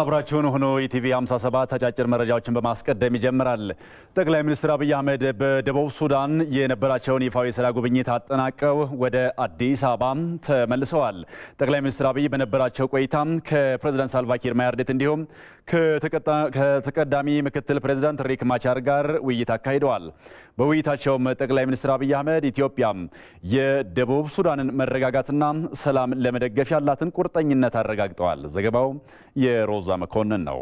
አብራችሁን ሆኖ ኢቲቪ 57 አጫጭር መረጃዎችን በማስቀደም ይጀምራል። ጠቅላይ ሚኒስትር አብይ አህመድ በደቡብ ሱዳን የነበራቸውን ይፋዊ የስራ ጉብኝት አጠናቀው ወደ አዲስ አበባ ተመልሰዋል። ጠቅላይ ሚኒስትር አብይ በነበራቸው ቆይታ ከፕሬዝዳንት ሳልቫኪር ማያርዴት እንዲሁም ከተቀዳሚ ምክትል ፕሬዝዳንት ሪክ ማቻር ጋር ውይይት አካሂደዋል። በውይይታቸውም ጠቅላይ ሚኒስትር አብይ አህመድ ኢትዮጵያ የደቡብ ሱዳንን መረጋጋትና ሰላም ለመደገፍ ያላትን ቁርጠኝነት አረጋግጠዋል። ዘገባው የሮ ሮዛ መኮንን ነው።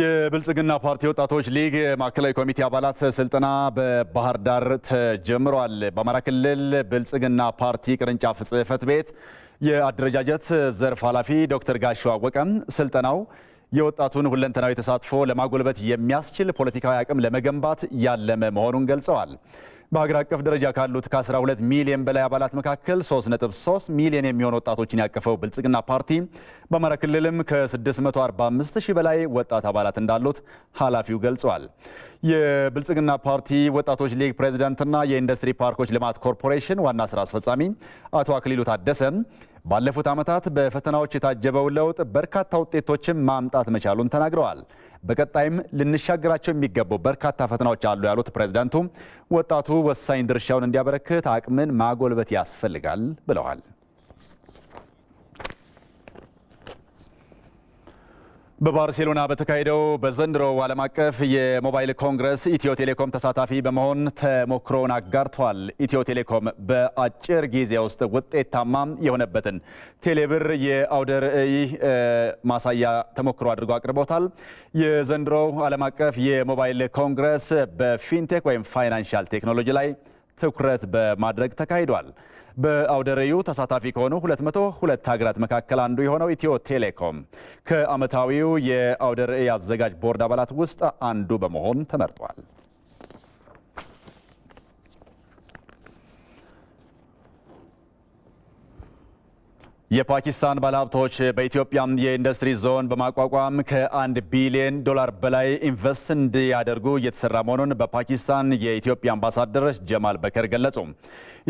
የብልጽግና ፓርቲ ወጣቶች ሊግ ማዕከላዊ ኮሚቴ አባላት ስልጠና በባህር ዳር ተጀምሯል። በአማራ ክልል ብልጽግና ፓርቲ ቅርንጫፍ ጽህፈት ቤት የአደረጃጀት ዘርፍ ኃላፊ ዶክተር ጋሻው አወቀም ስልጠናው የወጣቱን ሁለንተናዊ ተሳትፎ ለማጎልበት የሚያስችል ፖለቲካዊ አቅም ለመገንባት ያለመ መሆኑን ገልጸዋል። በሀገር አቀፍ ደረጃ ካሉት ከ12 ሚሊዮን በላይ አባላት መካከል 3.3 ሚሊዮን የሚሆኑ ወጣቶችን ያቀፈው ብልጽግና ፓርቲ በአማራ ክልልም ከ645 ሺህ በላይ ወጣት አባላት እንዳሉት ኃላፊው ገልጿል። የብልጽግና ፓርቲ ወጣቶች ሊግ ፕሬዚዳንትና የኢንዱስትሪ ፓርኮች ልማት ኮርፖሬሽን ዋና ስራ አስፈጻሚ አቶ አክሊሉ ታደሰ ባለፉት ዓመታት በፈተናዎች የታጀበው ለውጥ በርካታ ውጤቶችን ማምጣት መቻሉን ተናግረዋል። በቀጣይም ልንሻገራቸው የሚገቡ በርካታ ፈተናዎች አሉ ያሉት ፕሬዝዳንቱ ወጣቱ ወሳኝ ድርሻውን እንዲያበረክት አቅምን ማጎልበት ያስፈልጋል ብለዋል። በባርሴሎና በተካሄደው በዘንድሮው ዓለም አቀፍ የሞባይል ኮንግረስ ኢትዮ ቴሌኮም ተሳታፊ በመሆን ተሞክሮውን አጋርተዋል። ኢትዮ ቴሌኮም በአጭር ጊዜ ውስጥ ውጤታማ የሆነበትን ቴሌብር የአውደ ርዕይ ማሳያ ተሞክሮ አድርጎ አቅርቦታል። የዘንድሮው ዓለም አቀፍ የሞባይል ኮንግረስ በፊንቴክ ወይም ፋይናንሻል ቴክኖሎጂ ላይ ትኩረት በማድረግ ተካሂዷል። በአውደ ርዕዩ ተሳታፊ ከሆኑ 202 ሀገራት መካከል አንዱ የሆነው ኢትዮ ቴሌኮም ከዓመታዊው የአውደ ርዕይ አዘጋጅ ቦርድ አባላት ውስጥ አንዱ በመሆን ተመርጧል። የፓኪስታን ባለሀብቶች በኢትዮጵያ የኢንዱስትሪ ዞን በማቋቋም ከአንድ ቢሊዮን ዶላር በላይ ኢንቨስት እንዲያደርጉ እየተሰራ መሆኑን በፓኪስታን የኢትዮጵያ አምባሳደር ጀማል በከር ገለጹ።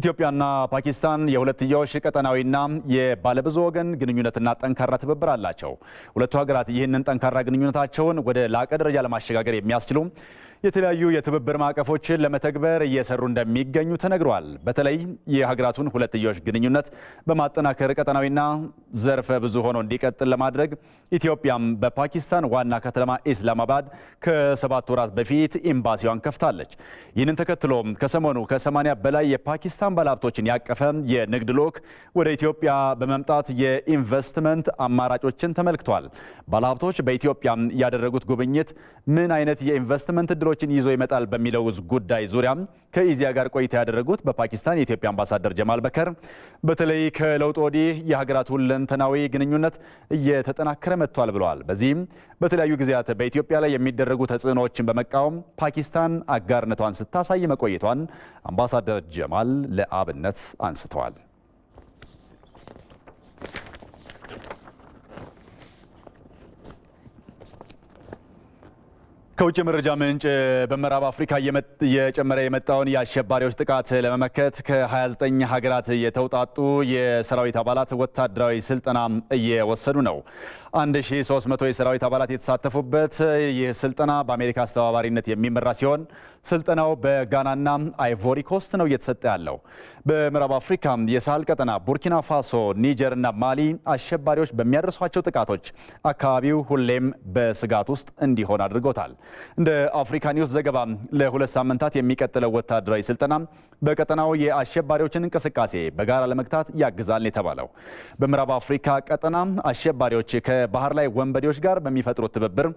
ኢትዮጵያና ፓኪስታን የሁለትዮሽ ቀጠናዊና የባለብዙ ወገን ግንኙነትና ጠንካራ ትብብር አላቸው። ሁለቱ ሀገራት ይህንን ጠንካራ ግንኙነታቸውን ወደ ላቀ ደረጃ ለማሸጋገር የሚያስችሉ የተለያዩ የትብብር ማዕቀፎችን ለመተግበር እየሰሩ እንደሚገኙ ተነግሯል። በተለይ የሀገራቱን ሁለትዮሽ ግንኙነት በማጠናከር ቀጠናዊና ዘርፈ ብዙ ሆኖ እንዲቀጥል ለማድረግ ኢትዮጵያም በፓኪስታን ዋና ከተማ ኢስላማባድ ከሰባት ወራት በፊት ኤምባሲዋን ከፍታለች። ይህንን ተከትሎም ከሰሞኑ ከ በላይ የፓኪስታን ባለሀብቶችን ያቀፈ የንግድ ልዑክ ወደ ኢትዮጵያ በመምጣት የኢንቨስትመንት አማራጮችን ተመልክቷል። ባለሀብቶች በኢትዮጵያ ያደረጉት ጉብኝት ምን አይነት የኢንቨስትመንት እድሎች ችግሮችን ይዞ ይመጣል በሚለው ጉዳይ ዙሪያ ከኢዚያ ጋር ቆይታ ያደረጉት በፓኪስታን የኢትዮጵያ አምባሳደር ጀማል በከር በተለይ ከለውጥ ወዲህ የሀገራቱ ለንተናዊ ግንኙነት እየተጠናከረ መጥቷል ብለዋል። በዚህም በተለያዩ ጊዜያት በኢትዮጵያ ላይ የሚደረጉ ተጽዕኖዎችን በመቃወም ፓኪስታን አጋርነቷን ስታሳይ መቆየቷን አምባሳደር ጀማል ለአብነት አንስተዋል። ከውጭ መረጃ ምንጭ በምዕራብ አፍሪካ እየጨመረ የመጣውን የአሸባሪዎች ጥቃት ለመመከት ከ29 ሀገራት የተውጣጡ የሰራዊት አባላት ወታደራዊ ስልጠና እየወሰዱ ነው። 1300 የሰራዊት አባላት የተሳተፉበት ይህ ስልጠና በአሜሪካ አስተባባሪነት የሚመራ ሲሆን ስልጠናው በጋናና አይቮሪ ኮስት ነው እየተሰጠ ያለው። በምዕራብ አፍሪካ የሳህል ቀጠና ቡርኪና ፋሶ፣ ኒጀር እና ማሊ አሸባሪዎች በሚያደርሷቸው ጥቃቶች አካባቢው ሁሌም በስጋት ውስጥ እንዲሆን አድርጎታል። እንደ አፍሪካ ኒውስ ዘገባ ለሁለት ሳምንታት የሚቀጥለው ወታደራዊ ስልጠና በቀጠናው የአሸባሪዎችን እንቅስቃሴ በጋራ ለመግታት ያግዛል የተባለው በምዕራብ አፍሪካ ቀጠና አሸባሪዎች ከባህር ላይ ወንበዴዎች ጋር በሚፈጥሩት ትብብር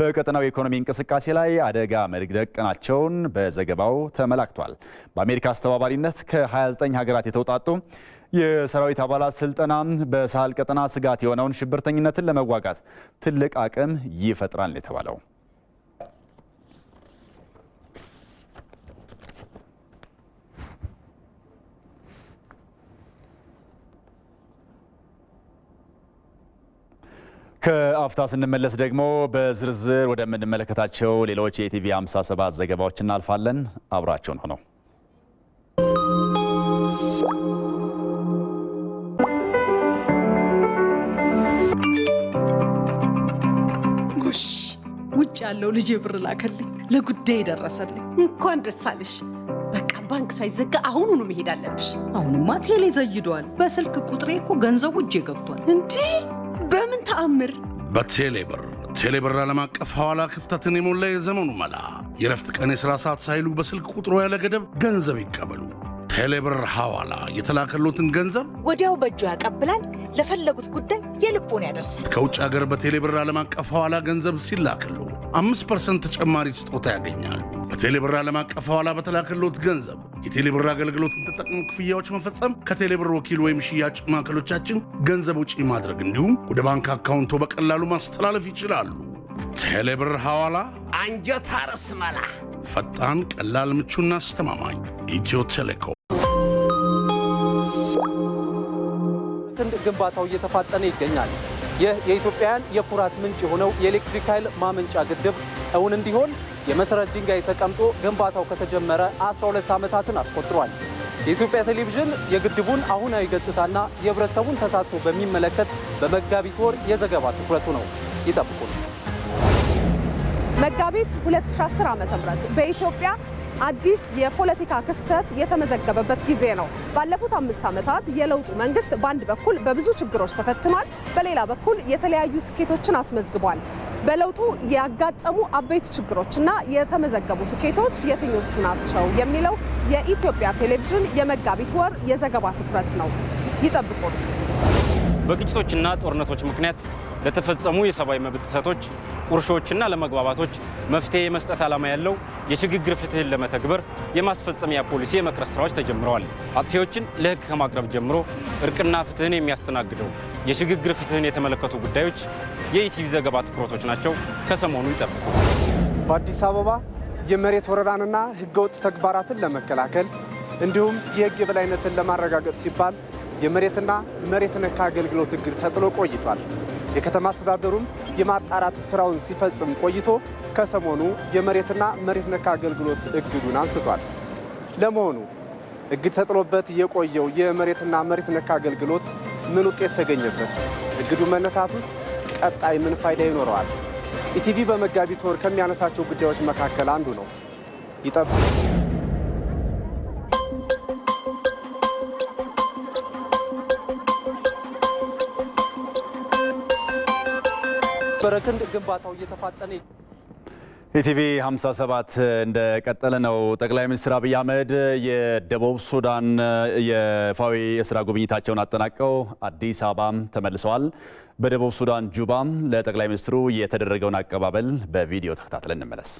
በቀጠናው የኢኮኖሚ እንቅስቃሴ ላይ አደጋ መደቀናቸውን በዘገባው ተመላክቷል። በአሜሪካ አስተባባሪነት ከ29 ሀገራት የተውጣጡ የሰራዊት አባላት ስልጠና በሳህል ቀጠና ስጋት የሆነውን ሽብርተኝነትን ለመዋጋት ትልቅ አቅም ይፈጥራል የተባለው ከአፍታ ስንመለስ ደግሞ በዝርዝር ወደምንመለከታቸው ሌሎች የኢቲቪ 57 ዘገባዎች እናልፋለን። አብራችሁን ሆነው ጎሽ፣ ውጭ ያለው ልጅ ብር ላከልኝ። ለጉዳይ ደረሰልኝ። እንኳን ደስ አለሽ። በቃ ባንክ ሳይዘጋ አሁኑኑ መሄድ አለብሽ። አሁንማ ቴሌ ዘይዷል። በስልክ ቁጥሬ እኮ ገንዘቡ እጄ ገብቷል። እንዲህ በምን ተአምር በቴሌብር ቴሌብር ዓለም አቀፍ ሐዋላ ክፍተትን የሞላ የዘመኑ መላ የረፍት ቀን የሥራ ሰዓት ሳይሉ በስልክ ቁጥሮ ያለ ገደብ ገንዘብ ይቀበሉ። ቴሌብር ሐዋላ የተላከሎትን ገንዘብ ወዲያው በእጁ ያቀብላል፣ ለፈለጉት ጉዳይ የልቦን ያደርሳል። ከውጭ ሀገር በቴሌብር ዓለም አቀፍ ሐዋላ ገንዘብ ሲላክሉ አምስት ፐርሰንት ተጨማሪ ስጦታ ያገኛል። በቴሌብር ዓለም አቀፍ ሐዋላ በተላከሎት ገንዘብ የቴሌብር አገልግሎትን ተጠቅሞ ክፍያዎች መፈጸም፣ ከቴሌብር ወኪል ወይም ሽያጭ ማዕከሎቻችን ገንዘብ ውጪ ማድረግ እንዲሁም ወደ ባንክ አካውንቶ በቀላሉ ማስተላለፍ ይችላሉ። ቴሌብር ሐዋላ አንጀት አርስ መላ ፈጣን፣ ቀላል፣ ምቹና አስተማማኝ ኢትዮ ቴሌኮም ትንድ ግንባታው እየተፋጠነ ይገኛል። ይህ የኢትዮጵያን የኩራት ምንጭ የሆነው የኤሌክትሪክ ኃይል ማመንጫ ግድብ እውን እንዲሆን የመሰረት ድንጋይ ተቀምጦ ግንባታው ከተጀመረ 12 ዓመታትን አስቆጥሯል። የኢትዮጵያ ቴሌቪዥን የግድቡን አሁናዊ ገጽታና የህብረተሰቡን ተሳትፎ በሚመለከት በመጋቢት ወር የዘገባ ትኩረቱ ነው። ይጠብቁን። መጋቢት 2010 ም በኢትዮጵያ አዲስ የፖለቲካ ክስተት የተመዘገበበት ጊዜ ነው። ባለፉት አምስት ዓመታት የለውጡ መንግስት በአንድ በኩል በብዙ ችግሮች ተፈትኗል፣ በሌላ በኩል የተለያዩ ስኬቶችን አስመዝግቧል። በለውጡ ያጋጠሙ አበይት ችግሮችና የተመዘገቡ ስኬቶች የትኞቹ ናቸው የሚለው የኢትዮጵያ ቴሌቪዥን የመጋቢት ወር የዘገባ ትኩረት ነው። ይጠብቁ በግጭቶችና ጦርነቶች ምክንያት ለተፈጸሙ የሰብአዊ መብት ጥሰቶች፣ ቁርሾችና ለመግባባቶች መፍትሄ የመስጠት ዓላማ ያለው የሽግግር ፍትህን ለመተግበር የማስፈጸሚያ ፖሊሲ የመቅረስ ስራዎች ተጀምረዋል። አጥፊዎችን ለህግ ከማቅረብ ጀምሮ እርቅና ፍትህን የሚያስተናግደው የሽግግር ፍትህን የተመለከቱ ጉዳዮች የኢቲቪ ዘገባ ትኩረቶች ናቸው። ከሰሞኑ ይጠብቁ። በአዲስ አበባ የመሬት ወረራንና ህገወጥ ተግባራትን ለመከላከል እንዲሁም የህግ የበላይነትን ለማረጋገጥ ሲባል የመሬትና መሬት ነካ አገልግሎት እግድ ተጥሎ ቆይቷል። የከተማ አስተዳደሩም የማጣራት ስራውን ሲፈጽም ቆይቶ ከሰሞኑ የመሬትና መሬት ነክ አገልግሎት እግዱን አንስቷል። ለመሆኑ እግድ ተጥሎበት የቆየው የመሬትና መሬት ነክ አገልግሎት ምን ውጤት ተገኘበት? እግዱ መነታቱስ ቀጣይ ምን ፋይዳ ይኖረዋል? ኢቲቪ በመጋቢት ወር ከሚያነሳቸው ጉዳዮች መካከል አንዱ ነው። ይጠብቁ። በረክንድ ግንባታው እየተፋጠነ ኢቲቪ 57 እንደቀጠለ ነው። ጠቅላይ ሚኒስትር አብይ አህመድ የደቡብ ሱዳን የፋዊ የስራ ጉብኝታቸውን አጠናቀው አዲስ አበባም ተመልሰዋል። በደቡብ ሱዳን ጁባ ለጠቅላይ ሚኒስትሩ የተደረገውን አቀባበል በቪዲዮ ተከታትለን እንመለስ።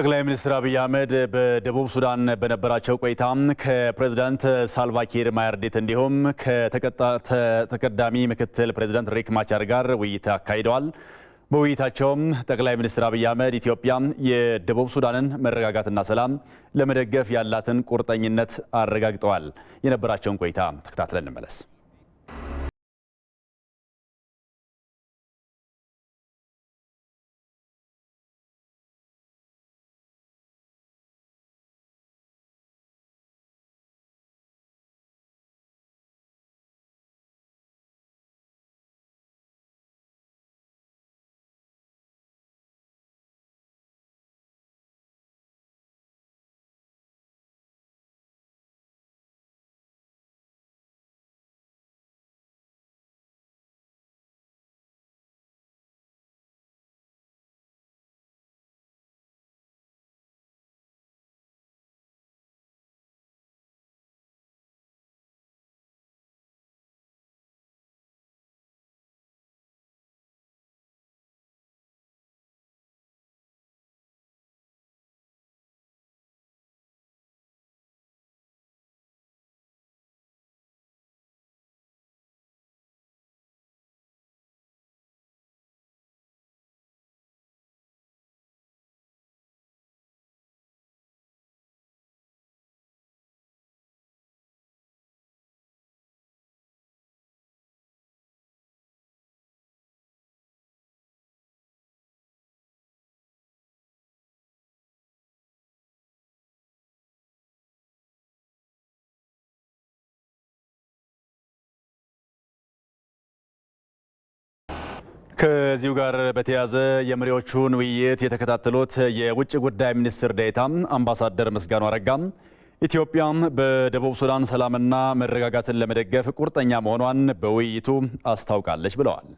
ጠቅላይ ሚኒስትር አብይ አህመድ በደቡብ ሱዳን በነበራቸው ቆይታ ከፕሬዝዳንት ሳልቫኪር ማያርዴት እንዲሁም ከተቀዳሚ ምክትል ፕሬዝዳንት ሪክ ማቻር ጋር ውይይት አካሂደዋል። በውይይታቸውም ጠቅላይ ሚኒስትር አብይ አህመድ ኢትዮጵያ የደቡብ ሱዳንን መረጋጋትና ሰላም ለመደገፍ ያላትን ቁርጠኝነት አረጋግጠዋል። የነበራቸውን ቆይታ ተከታትለን እንመለስ። ከዚሁ ጋር በተያያዘ የመሪዎቹን ውይይት የተከታተሉት የውጭ ጉዳይ ሚኒስትር ዴኤታ አምባሳደር ምስጋኑ አረጋም ኢትዮጵያም በደቡብ ሱዳን ሰላምና መረጋጋትን ለመደገፍ ቁርጠኛ መሆኗን በውይይቱ አስታውቃለች ብለዋል።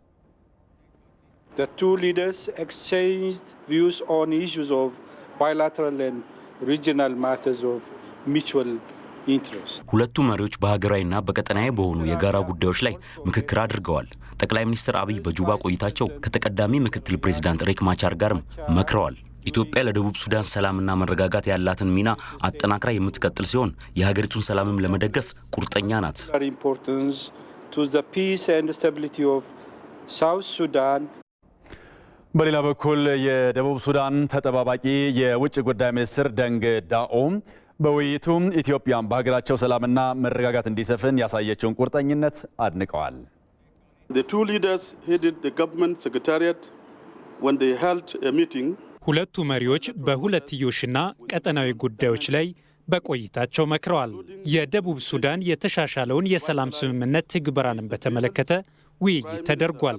ሁለቱ መሪዎች በሀገራዊና በቀጠናዊ በሆኑ የጋራ ጉዳዮች ላይ ምክክር አድርገዋል። ጠቅላይ ሚኒስትር አብይ በጁባ ቆይታቸው ከተቀዳሚ ምክትል ፕሬዚዳንት ሬክ ማቻር ጋርም መክረዋል። ኢትዮጵያ ለደቡብ ሱዳን ሰላምና መረጋጋት ያላትን ሚና አጠናክራ የምትቀጥል ሲሆን የሀገሪቱን ሰላምም ለመደገፍ ቁርጠኛ ናት። በሌላ በኩል የደቡብ ሱዳን ተጠባባቂ የውጭ ጉዳይ ሚኒስትር ደንግ ዳኦም በውይይቱም ኢትዮጵያም በሀገራቸው ሰላምና መረጋጋት እንዲሰፍን ያሳየችውን ቁርጠኝነት አድንቀዋል። ሁለቱ መሪዎች በሁለትዮሽና ቀጠናዊ ጉዳዮች ላይ በቆይታቸው መክረዋል። የደቡብ ሱዳን የተሻሻለውን የሰላም ስምምነት ትግበራንም በተመለከተ ውይይት ተደርጓል።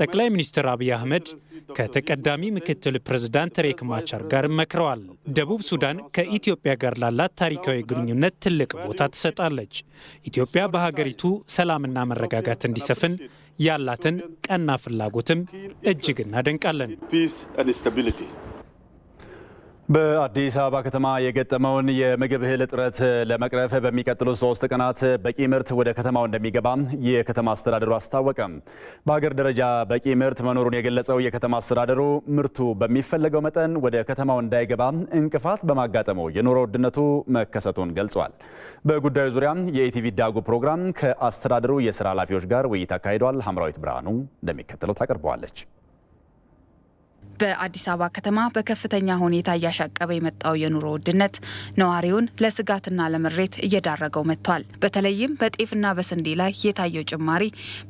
ጠቅላይ ሚኒስትር አብይ አህመድ ከተቀዳሚ ምክትል ፕሬዝዳንት ሬክ ማቻር ጋር መክረዋል። ደቡብ ሱዳን ከኢትዮጵያ ጋር ላላት ታሪካዊ ግንኙነት ትልቅ ቦታ ትሰጣለች። ኢትዮጵያ በሀገሪቱ ሰላምና መረጋጋት እንዲሰፍን ያላትን ቀና ፍላጎትም እጅግ እናደንቃለን። በአዲስ አበባ ከተማ የገጠመውን የምግብ እህል እጥረት ለመቅረፍ በሚቀጥሉት ሶስት ቀናት በቂ ምርት ወደ ከተማው እንደሚገባ የከተማ አስተዳደሩ አስታወቀም። በሀገር ደረጃ በቂ ምርት መኖሩን የገለጸው የከተማ አስተዳደሩ ምርቱ በሚፈለገው መጠን ወደ ከተማው እንዳይገባ እንቅፋት በማጋጠሙ የኑሮ ውድነቱ መከሰቱን ገልጿል። በጉዳዩ ዙሪያ የኢቲቪ ዳጉ ፕሮግራም ከአስተዳደሩ የስራ ኃላፊዎች ጋር ውይይት አካሂዷል። ሀምራዊት ብርሃኑ እንደሚከተለው ታቀርበዋለች። በአዲስ አበባ ከተማ በከፍተኛ ሁኔታ እያሻቀበ የመጣው የኑሮ ውድነት ነዋሪውን ለስጋትና ለምሬት እየዳረገው መጥቷል። በተለይም በጤፍና በስንዴ ላይ የታየው ጭማሪ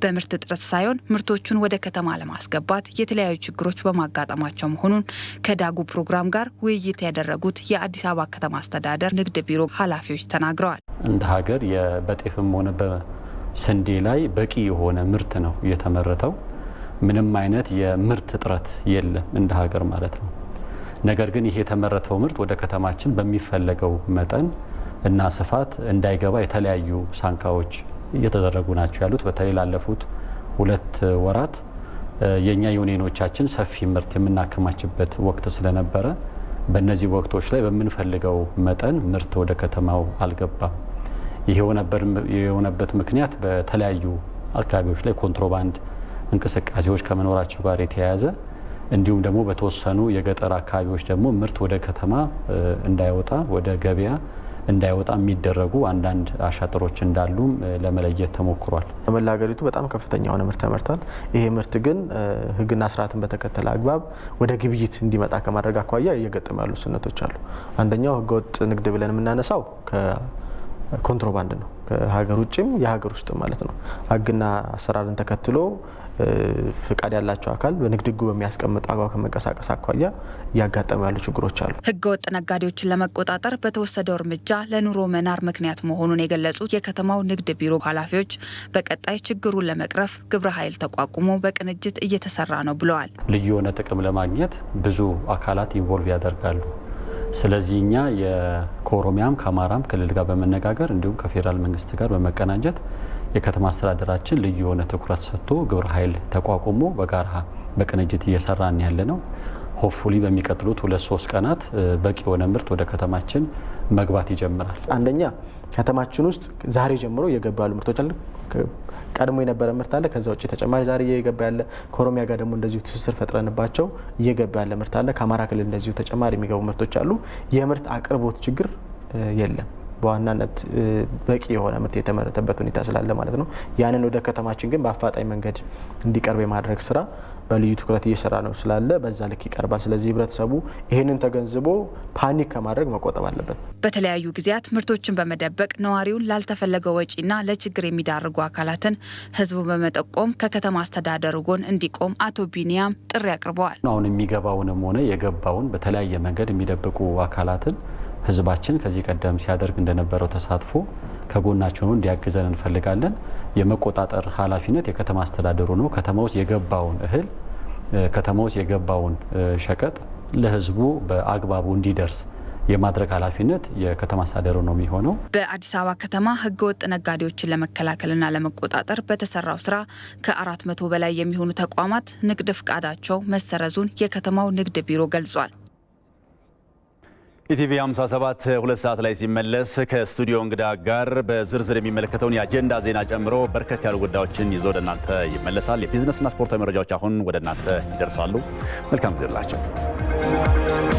በምርት እጥረት ሳይሆን ምርቶቹን ወደ ከተማ ለማስገባት የተለያዩ ችግሮች በማጋጠማቸው መሆኑን ከዳጉ ፕሮግራም ጋር ውይይት ያደረጉት የአዲስ አበባ ከተማ አስተዳደር ንግድ ቢሮ ኃላፊዎች ተናግረዋል። እንደ ሀገር በጤፍም ሆነ በስንዴ ላይ በቂ የሆነ ምርት ነው እየተመረተው ምንም አይነት የምርት እጥረት የለም እንደ ሀገር ማለት ነው። ነገር ግን ይሄ የተመረተው ምርት ወደ ከተማችን በሚፈለገው መጠን እና ስፋት እንዳይገባ የተለያዩ ሳንካዎች እየተደረጉ ናቸው ያሉት። በተለይ ላለፉት ሁለት ወራት የእኛ ዩኒየኖቻችን ሰፊ ምርት የምናከማችበት ወቅት ስለነበረ በእነዚህ ወቅቶች ላይ በምንፈልገው መጠን ምርት ወደ ከተማው አልገባም። ይሄ የሆነበት ምክንያት በተለያዩ አካባቢዎች ላይ ኮንትሮባንድ እንቅስቃሴዎች ከመኖራቸው ጋር የተያያዘ እንዲሁም ደግሞ በተወሰኑ የገጠር አካባቢዎች ደግሞ ምርት ወደ ከተማ እንዳይወጣ ወደ ገበያ እንዳይወጣ የሚደረጉ አንዳንድ አሻጥሮች እንዳሉም ለመለየት ተሞክሯል። በመላ ሀገሪቱ በጣም ከፍተኛ የሆነ ምርት ተመርቷል። ይሄ ምርት ግን ሕግና ስርዓትን በተከተለ አግባብ ወደ ግብይት እንዲመጣ ከማድረግ አኳያ እየገጠሙ ያሉ ስነቶች አሉ። አንደኛው ሕገወጥ ንግድ ብለን የምናነሳው ኮንትሮባንድ ነው። ከሀገር ውጭም የሀገር ውስጥ ማለት ነው። ህግና አሰራርን ተከትሎ ፍቃድ ያላቸው አካል በንግድ ህጉ በሚያስቀምጥ አግባብ ከመንቀሳቀስ አኳያ እያጋጠሙ ያሉ ችግሮች አሉ። ህገ ወጥ ነጋዴዎችን ለመቆጣጠር በተወሰደው እርምጃ ለኑሮ መናር ምክንያት መሆኑን የገለጹት የከተማው ንግድ ቢሮ ኃላፊዎች በቀጣይ ችግሩን ለመቅረፍ ግብረ ኃይል ተቋቁሞ በቅንጅት እየተሰራ ነው ብለዋል። ልዩ የሆነ ጥቅም ለማግኘት ብዙ አካላት ኢንቮልቭ ያደርጋሉ። ስለዚህ እኛ ከኦሮሚያም ከአማራም ክልል ጋር በመነጋገር እንዲሁም ከፌዴራል መንግስት ጋር በመቀናጀት የከተማ አስተዳደራችን ልዩ የሆነ ትኩረት ሰጥቶ ግብረ ኃይል ተቋቁሞ በጋራ በቅንጅት እየሰራን ያለ ነው። ሆፕፉሊ በሚቀጥሉት ሁለት ሶስት ቀናት በቂ የሆነ ምርት ወደ ከተማችን መግባት ይጀምራል። አንደኛ ከተማችን ውስጥ ዛሬ ጀምሮ እየገባ ያሉ ምርቶች አለ። ቀድሞ የነበረ ምርት አለ። ከዛ ውጭ ተጨማሪ ዛሬ እየገባ ያለ ከኦሮሚያ ጋር ደግሞ እንደዚሁ ትስስር ፈጥረንባቸው እየገባ ያለ ምርት አለ። ከአማራ ክልል እንደዚሁ ተጨማሪ የሚገቡ ምርቶች አሉ። የምርት አቅርቦት ችግር የለም። በዋናነት በቂ የሆነ ምርት የተመረተበት ሁኔታ ስላለ ማለት ነው። ያንን ወደ ከተማችን ግን በአፋጣኝ መንገድ እንዲቀርብ የማድረግ ስራ በልዩ ትኩረት እየሰራ ነው ስላለ በዛ ልክ ይቀርባል። ስለዚህ ህብረተሰቡ ይህንን ተገንዝቦ ፓኒክ ከማድረግ መቆጠብ አለበት። በተለያዩ ጊዜያት ምርቶችን በመደበቅ ነዋሪውን ላልተፈለገው ወጪና ለችግር የሚዳርጉ አካላትን ህዝቡ በመጠቆም ከከተማ አስተዳደሩ ጎን እንዲቆም አቶ ቢኒያም ጥሪ አቅርበዋል። አሁን የሚገባውንም ሆነ የገባውን በተለያየ መንገድ የሚደብቁ አካላትን ህዝባችን ከዚህ ቀደም ሲያደርግ እንደነበረው ተሳትፎ ከጎናችን እንዲያግዘን እንፈልጋለን። የመቆጣጠር ኃላፊነት የከተማ አስተዳደሩ ነው። ከተማ ውስጥ የገባውን እህል ከተማ ውስጥ የገባውን ሸቀጥ ለህዝቡ በአግባቡ እንዲደርስ የማድረግ ኃላፊነት የከተማ አስተዳደሩ ነው የሚሆነው። በአዲስ አበባ ከተማ ህገወጥ ነጋዴዎችን ለመከላከልና ለመቆጣጠር በተሰራው ስራ ከአራት መቶ በላይ የሚሆኑ ተቋማት ንግድ ፍቃዳቸው መሰረዙን የከተማው ንግድ ቢሮ ገልጿል። ኢቲቪ 57 ሁለት ሰዓት ላይ ሲመለስ ከስቱዲዮ እንግዳ ጋር በዝርዝር የሚመለከተውን የአጀንዳ ዜና ጨምሮ በርከት ያሉ ጉዳዮችን ይዞ ወደ እናንተ ይመለሳል። የቢዝነስና ስፖርታዊ መረጃዎች አሁን ወደ እናንተ ይደርሳሉ። መልካም ጊዜ ላቸው